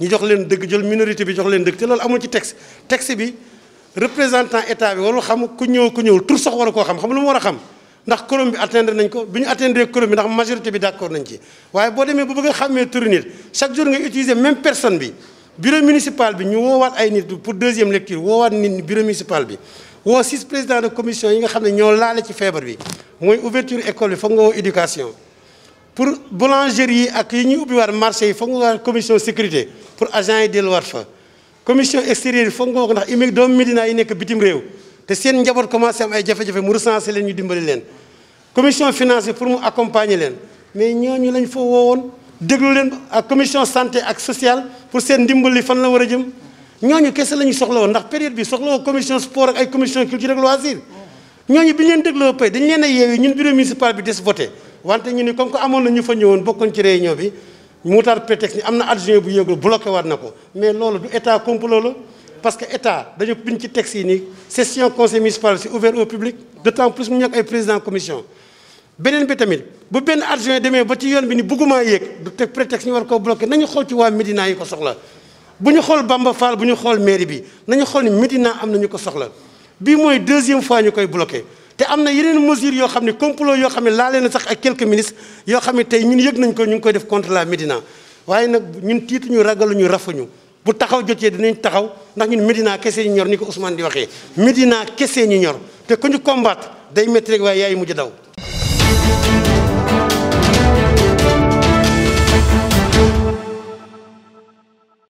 ni jox leen dëgg jël minorité bi jox leen dëgg te loolu amul ci texte texte bi représentant état bi warul xam ku ñëw ku ñëw tur sax war a koo xam xam lu mu war a xam ndax quorum bi atteindre nañ ko bi ñu atteindre bi ndax majorité bi d'accord nañ ci waaye boo demee bu bëgg a xàmmee turu nit chaque jour nga utiliser même personne bi bureau municipal bi ñu woowaat ay nit pour deuxième lecture woowaat nit ñi bureau municipal bi woo six président de commission yi nga xam ne ñoo laale ci feebar bi mooy ouverture école bi foog nga woo éducation pour boulangerie yi ak yi ñuy ubbiwaat marché yi foog nga commission sécurité pour agent yi delluwaat fa commission extérieure yi foog nga ko ndax imi doomu Médina yi nekk bitim réew te seen njaboot commencé am ay jafe-jafe mu recensé leen ñu dimbali leen commission financière pour mu accompagner leen mais ñooñu lañ fa woowoon déglu leen ak commission santé ak sociale pour seen ndimbali fan la war a jëm ñooñu kese la ñu soxla woon ndax période bi soxla woon commission sport ak ay commission culture ak loisir ñooñu bi ñu leen dégloo pay dañu leen a yeewi ñun bureau municipal bi des voter wante ñu ni comme que amon na ñu fa ñëwoon bokkoon ci réunion bi muutaat prétexte ni am na adjoint bu yeugul bloquer waat n'ako. mais lolu du état complot parce que état dañu bind ci texte yi session conseil municipal c'est ouvert au public d'autant plus mu nekk ay président commission benen bi tamit bu ben adjoint demee ba ci yoon bi ni buguma yéeg du teg prétexte ñu war ko bloqué nañu xol ci wa Médina yi ko soxla buñu xol Bamba Fall buñu xol mairie bi nañu xol ni Médina amna ñu ko soxla bii mooy deuxième fois ñu bloquer te am na yeneen mesures yoo xam ne complot yoo xam ne laale na sax ak quelques ministres yoo xam ne tey ñun yëg nañ ko ñu ngi koy def contre la Médina waaye nag ñun tiituñu ragaluñu rafuñu bu taxaw jotee dinañ taxaw ndax ñun Médina kese ñu ñor ni ko Ousmane di waxee Médina kese ñu ñor te ku ñu combattre day métti rek waaye yaay mujj daw.